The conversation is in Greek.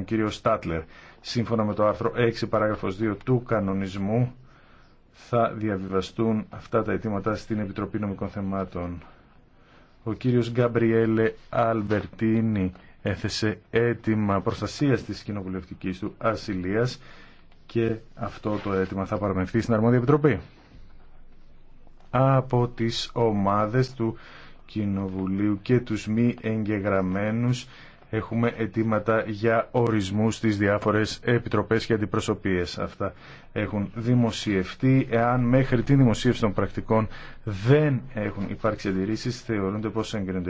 τον κύριο Στάτλερ. Σύμφωνα με το άρθρο 6 παράγραφος 2 του κανονισμού θα διαβιβαστούν αυτά τα αιτήματα στην Επιτροπή Νομικών Θεμάτων. Ο κύριος Γκαμπριέλε Αλμπερτίνη έθεσε αίτημα προστασίας της κοινοβουλευτικής του ασυλίας και αυτό το αίτημα θα παραμευθεί στην Αρμόδια Επιτροπή. Από τις ομάδες του Κοινοβουλίου και τους μη εγγεγραμμένους έχουμε αιτήματα για ορισμούς στις διάφορες επιτροπές και αντιπροσωπείες. Αυτά έχουν δημοσιευτεί. Εάν μέχρι τη δημοσίευση των πρακτικών δεν έχουν υπάρξει αντιρρήσεις, θεωρούνται πως εγκρίνονται.